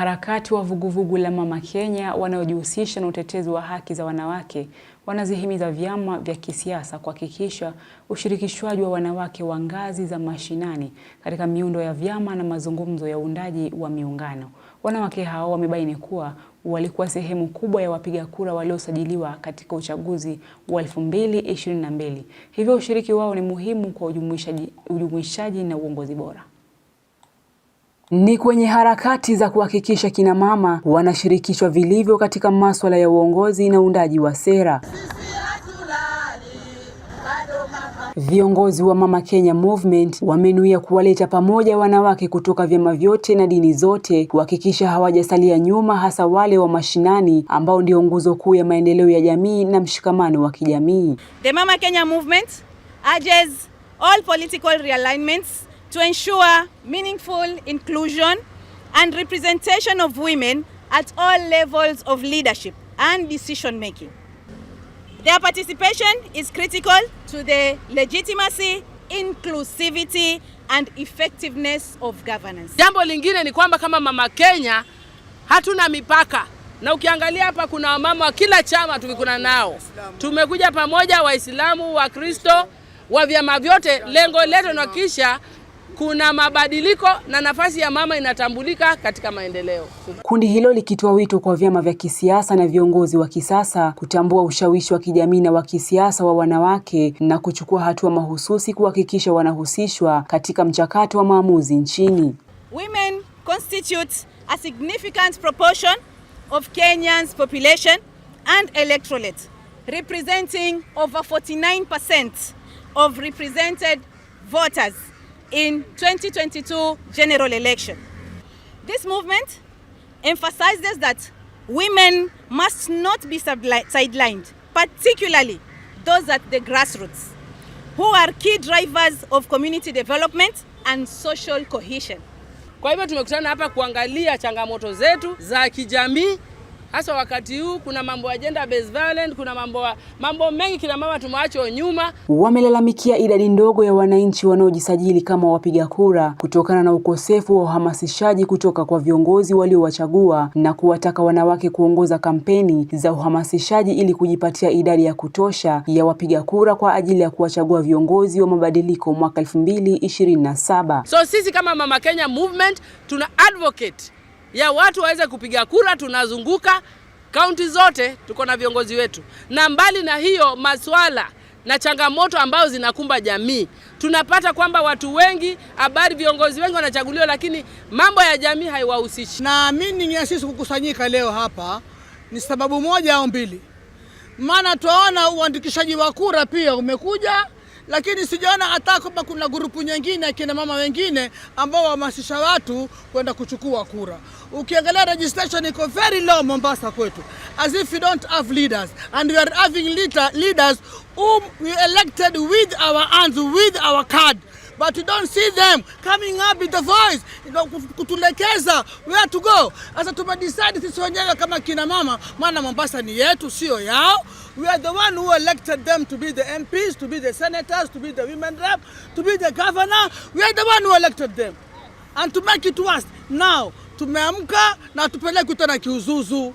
Wanaharakati wa vuguvugu la Mama Kenya wanaojihusisha na utetezi wa haki za wanawake wanazihimiza vyama vya kisiasa kuhakikisha ushirikishwaji wa wanawake wa ngazi za mashinani katika miundo ya vyama na mazungumzo ya uundaji wa miungano. Wanawake hao wamebaini kuwa walikuwa sehemu kubwa ya wapiga kura waliosajiliwa katika uchaguzi wa 2022. Hivyo ushiriki wao ni muhimu kwa ujumuishaji na uongozi bora ni kwenye harakati za kuhakikisha kina mama wanashirikishwa vilivyo katika masuala ya uongozi na uundaji wa sera. Viongozi wa Mama Kenya Movement wamenuia kuwaleta pamoja wanawake kutoka vyama vyote na dini zote kuhakikisha hawajasalia nyuma, hasa wale wa mashinani ambao ndio nguzo kuu ya maendeleo ya jamii na mshikamano wa kijamii. The Mama Kenya Movement urges all political realignments to ensure meaningful inclusion and representation of women at all levels of leadership and decision making. Their participation is critical to the legitimacy, inclusivity and effectiveness of governance. Jambo lingine ni kwamba kama Mama Kenya hatuna mipaka na ukiangalia hapa kuna wamama wa kila chama tumekuna nao, tumekuja pamoja, Waislamu, Wakristo, wa vyama vyote. Lengo letu ni kuhakikisha kuna mabadiliko na nafasi ya mama inatambulika katika maendeleo. Kundi hilo likitoa wito kwa vyama vya kisiasa na viongozi wa kisasa kutambua ushawishi wa kijamii na wa kisiasa wa wanawake na kuchukua hatua mahususi kuhakikisha wanahusishwa katika mchakato wa maamuzi nchini. Women constitute a significant proportion of Kenya's population and electorate representing over 49% of represented voters in 2022 general election. This movement emphasizes that women must not be sidelined, particularly those at the grassroots, who are key drivers of community development and social cohesion. Kwa hivyo tumekutana hapa kuangalia changamoto zetu za kijamii hasa wakati huu. Kuna mambo ya gender based violence, kuna mambo mambo mengi kina mama tumewachwa nyuma. Wamelalamikia idadi ndogo ya wananchi wanaojisajili kama wapiga kura kutokana na ukosefu wa uhamasishaji kutoka kwa viongozi waliowachagua na kuwataka wanawake kuongoza kampeni za uhamasishaji ili kujipatia idadi ya kutosha ya wapiga kura kwa ajili ya kuwachagua viongozi wa mabadiliko mwaka 2027. So sisi kama Mama Kenya Movement tuna advocate ya watu waweze kupiga kura. Tunazunguka kaunti zote, tuko na viongozi wetu, na mbali na hiyo maswala na changamoto ambazo zinakumba jamii, tunapata kwamba watu wengi habari, viongozi wengi wanachaguliwa, lakini mambo ya jamii haiwahusishi. Naamini ni sisi kukusanyika leo hapa ni sababu moja au mbili, maana twaona uandikishaji wa kura pia umekuja lakini sijaona hata kwamba kuna grupu nyingine akina mama wengine ambao wahamasisha watu kwenda kuchukua kura. Ukiangalia registration iko very low Mombasa kwetu, as if we don't have leaders and we are having leader, leaders whom we elected with our hands with our card but we don't see them coming up with the voice kutulekeza where to go. Sasa tumedecide sisi wenyewe kama kina mama, maana Mombasa ni yetu, sio yao. We are the one who elected them to be the MPs, to be the senators, to be the women rep, to be the governor. We are the one who elected them. And to make it worse, now tumeamka na tupeleke tena kiuzuzu.